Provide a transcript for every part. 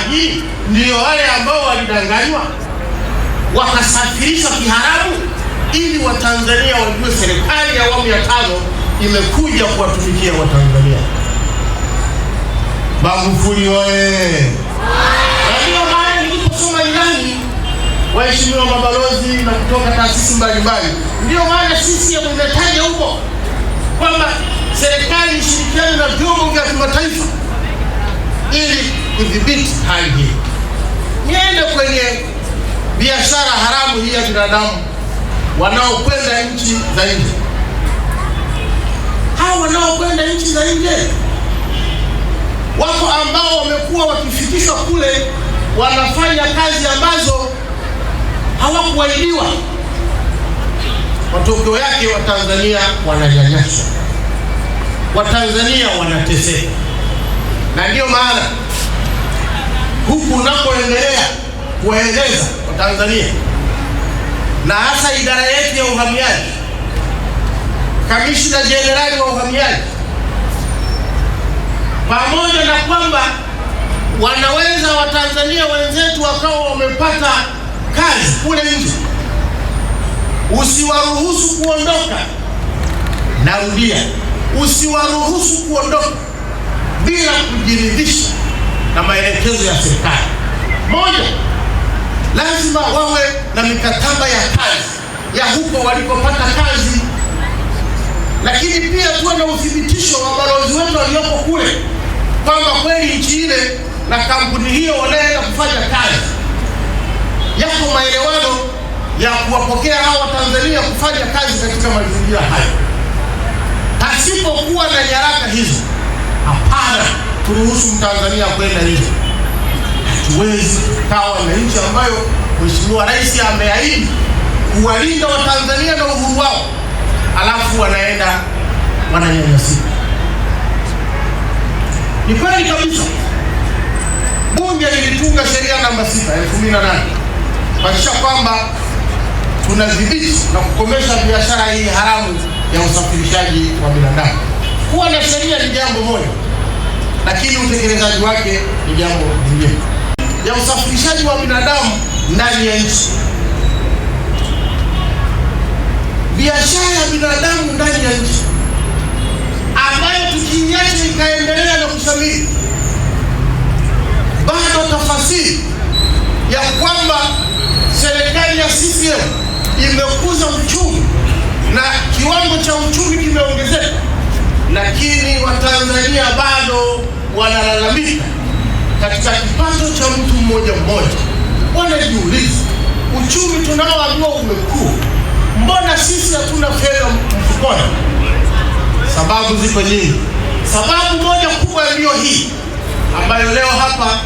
maji ndiyo wale ambao walidanganywa wakasafirishwa kiharamu, ili Watanzania wajue serikali ya awamu ya tano imekuja kuwatumikia Watanzania. Magufuli oye! Ndio maana niliposoma ilani, waheshimiwa mabalozi na kutoka taasisi mbalimbali, ndiyo maana sisi imetaja huko kwamba serikali ishirikiane na vyombo vya kimataifa ili kudhibiti hali hii. Niende kwenye biashara haramu hii ya binadamu wanaokwenda nchi za nje. Hao wanaokwenda nchi za nje wako ambao wamekuwa wakifikishwa kule, wanafanya kazi ambazo hawakuahidiwa. Matokeo yake Watanzania wananyanyaswa, Watanzania wanateseka, na ndiyo maana huku unapoendelea kwa tanzania na hasa idara yetu ya uhamiaji, kamishna jenerali wa uhamiaji, pamoja na kwamba wanaweza Watanzania wenzetu wakawa wamepata kazi kule nje, usiwaruhusu kuondoka. Narudia, usiwaruhusu kuondoka bila kujiridhisha na maelekezo ya serikali. Moja, lazima wawe na mikataba ya kazi ya huko walipopata kazi, lakini pia tuwe na uthibitisho wa balozi wetu walioko kule kwamba kweli nchi ile na kampuni hiyo wanaenda kufanya kazi. Yako maelewano ya kuwapokea hao Watanzania kufanya kazi katika mazingira hayo. Pasipokuwa na nyaraka hizo, hapana kuruhusu Mtanzania kwenda nje. Hatuwezi kawa na nchi ambayo Mheshimiwa Rais ameahidi kuwalinda Watanzania na uhuru wao, alafu wanaenda wananyanyasika. Ni kweli kabisa, bunge lilitunga sheria namba 6 elfu mbili na nane kuhakikisha kwamba tunadhibiti na kukomesha biashara hii haramu ya usafirishaji wa binadamu. Kuwa na sheria ni jambo moja lakini utekelezaji wake ni jambo lingine, ya usafirishaji wa binadamu ndani ya nchi, biashara ya binadamu ndani ya nchi ambayo tukiiacha ikaendelea na kushamiri, bado tafasiri ya kwamba serikali ya CCM imekuza uchumi na kiwango cha uchumi kimeongezeka lakini Watanzania bado wanalalamika katika kipato cha mtu mmoja mmoja. Wanajiuliza, uchumi tunaoambiwa umekuwa, mbona sisi hatuna fedha mfukoni? Sababu ziko nyingi. Sababu moja kubwa ndiyo hii ambayo leo hapa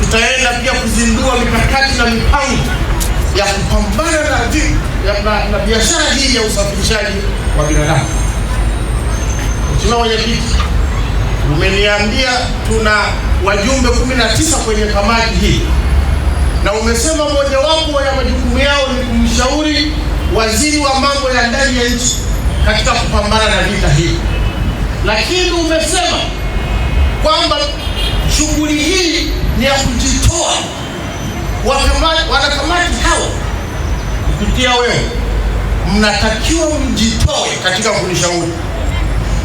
tutaenda pia kuzindua mikakati na mipango ya kupambana na, na, na biashara hii ya usafirishaji wa binadamu. Mheshimiwa Mwenyekiti, umeniambia tuna wajumbe 19 kwenye kamati hii na umesema mojawapo ya majukumu yao ni kumshauri waziri wa mambo ya ndani ya nchi katika kupambana na vita hii, lakini umesema kwamba shughuli hii ni ya kujitoa. Wanakamati hao kupitia wewe mnatakiwa mjitoe katika kunishauri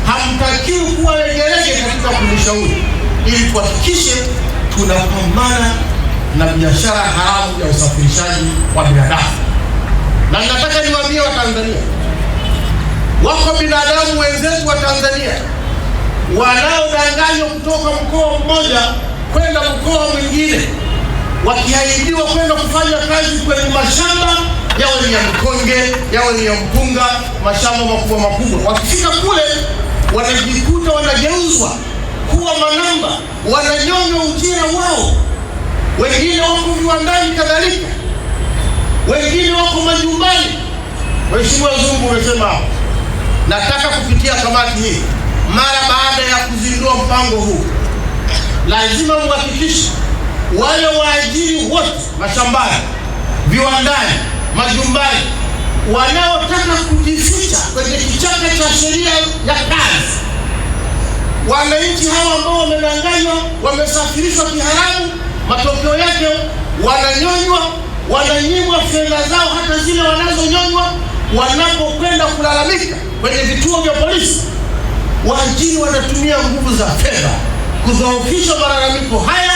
hamtakiwi kuwa legelege katika kumshauri ili tuhakikishe tunapambana na biashara haramu ya usafirishaji wa binadamu. Na nataka niwaambie Watanzania, wako binadamu wenzetu wa Tanzania wanaodanganywa kutoka mkoa mmoja kwenda mkoa mwingine, wakiahidiwa kwenda kufanya kazi kwenye mashamba yawe ni ya mkonge, yawe ni ya mpunga, mashamba makubwa makubwa, wakifika kule wanajikuta wanageuzwa kuwa manamba, wananyonywa ujira wao. Wengine wako viwandani, kadhalika wengine wako majumbani. Mheshimiwa Zungu umesema hapo, nataka kupitia kamati hii mara baada ya kuzindua mpango huu, lazima muhakikishe wale waajiri wote mashambani, viwandani, majumbani wanaotaka kujificha kwenye kichaka cha sheria ya kazi, wananchi hawa ambao wamedanganywa, wamesafirishwa kiharamu, matokeo yake wananyonywa, wananyimwa fedha zao, hata zile wanazonyonywa wanapokwenda kulalamika kwenye vituo vya polisi, waajiri wanatumia nguvu za fedha kudhoofisha malalamiko haya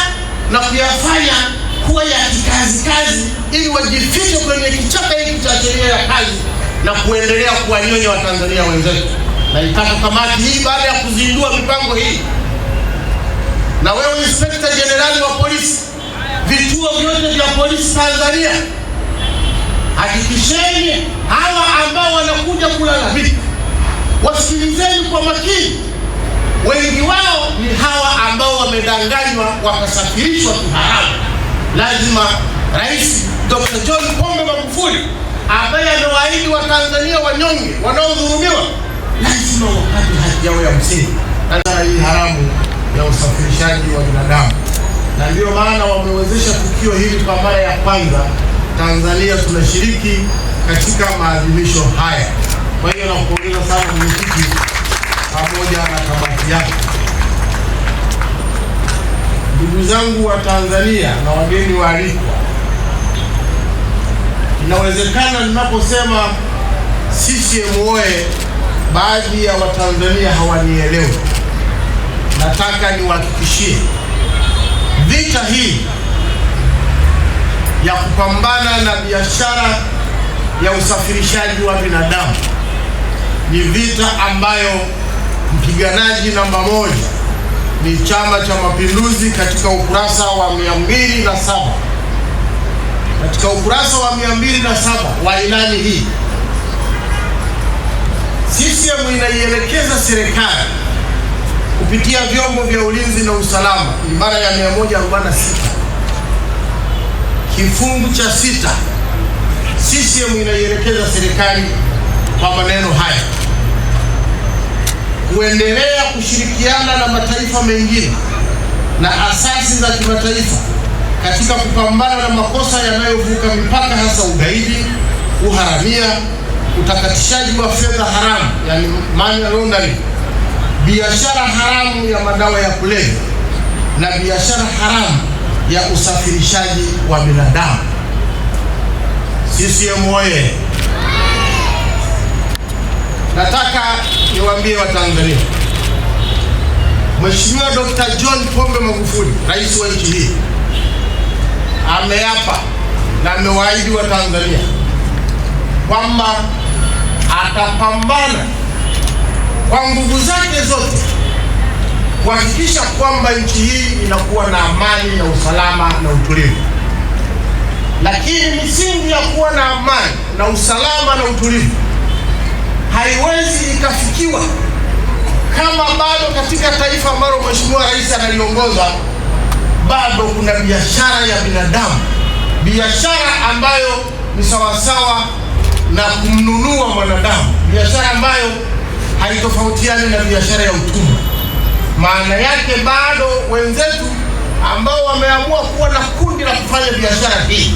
na kuyafanya kuwa ya kikazi kazi ili wajifiche nimekichoka kichaka hiki cha sheria ya kazi na kuendelea kuwanyonya Watanzania wenzetu. Naitaka kamati hii baada ya kuzindua mipango hii, na wewe Inspekta Jenerali wa polisi, vituo vyote vya polisi Tanzania, hakikisheni hawa ambao wanakuja kulalamika, wasikilizeni kwa makini. Wengi wao ni hawa ambao wamedanganywa wakasafirishwa kiharamu. Lazima Rais Dr. John Pombe Magufuli ambaye amewaahidi Watanzania wanyonge wanaodhulumiwa lazima wapate haki yao ya msingi, hii haramu ya usafirishaji wa binadamu, na ndiyo maana wamewezesha tukio hili kwa mara ya kwanza Tanzania tunashiriki katika maadhimisho haya. Kwa hiyo nakupongeza sana mwenyekiti, pamoja na kamati yako. Ndugu zangu wa Tanzania na wageni waalikwa Inawezekana ninaposema CCM oye, baadhi ya Watanzania hawanielewi. Nataka niwahakikishie vita hii ya kupambana na biashara ya usafirishaji wa binadamu ni vita ambayo mpiganaji namba moja ni Chama cha Mapinduzi katika ukurasa wa 207 katika ukurasa wa saba wa ilani hii, CCM inaielekeza serikali kupitia vyombo vya ulinzi na usalama, ibara ya 146 kifungu cha sita. CCM inaielekeza serikali kwa maneno haya kuendelea kushirikiana na mataifa mengine na asasi za kimataifa katika kupambana na makosa yanayovuka mipaka, hasa ugaidi, uharamia, utakatishaji wa fedha haramu, yani money laundering, biashara haramu ya madawa ya kulevya na biashara haramu ya usafirishaji wa binadamu. CCM oye! Nataka niwaambie Watanzania, Mheshimiwa Dr. John Pombe Magufuli, rais wa nchi hii ameapa na amewaahidi wa Tanzania kwamba atapambana kwa nguvu zake zote kuhakikisha kwamba nchi hii inakuwa na amani na usalama na utulivu. Lakini misingi ya kuwa na amani na usalama na utulivu haiwezi ikafikiwa kama bado katika taifa ambalo Mheshimiwa Rais analiongoza bado kuna biashara ya binadamu, biashara ambayo ni sawasawa na kumnunua mwanadamu, biashara ambayo haitofautiani na biashara ya utumwa. Maana yake bado wenzetu ambao wameamua kuwa na kundi la kufanya biashara hii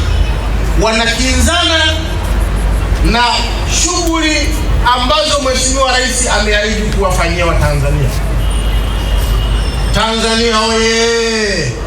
wanakinzana na shughuli ambazo Mheshimiwa Rais ameahidi kuwafanyia Watanzania. Tanzania oye!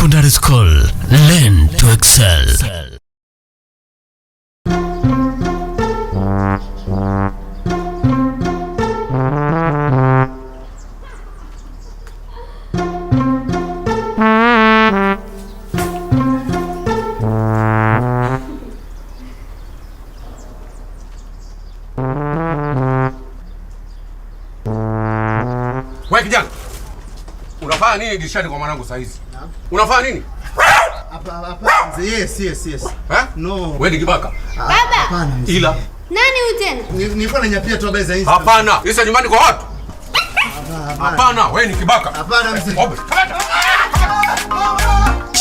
Secondary School. Learn to excel. Wewe kijana, unafanya nini dirishani kwa mwanangu saa hizi? Unafanya nini? Hapa hapa Yes yes yes. Eh? No. Wewe ni kibaka. Ah, Baba. Ila nani huyu tena? za hizo. Hapana. Hizo nyumbani kwa watu. Hapana, wewe ni kibaka. Hapana mzee.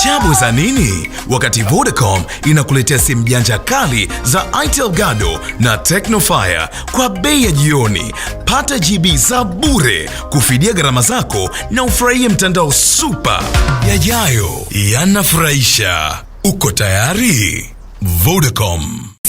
Chabu za nini? Wakati Vodacom inakuletea simu janja kali za Itel Gado na Technofire kwa bei ya jioni. Pata GB za bure kufidia gharama zako na ufurahie mtandao super yajayo yanafurahisha. Uko tayari? Vodacom.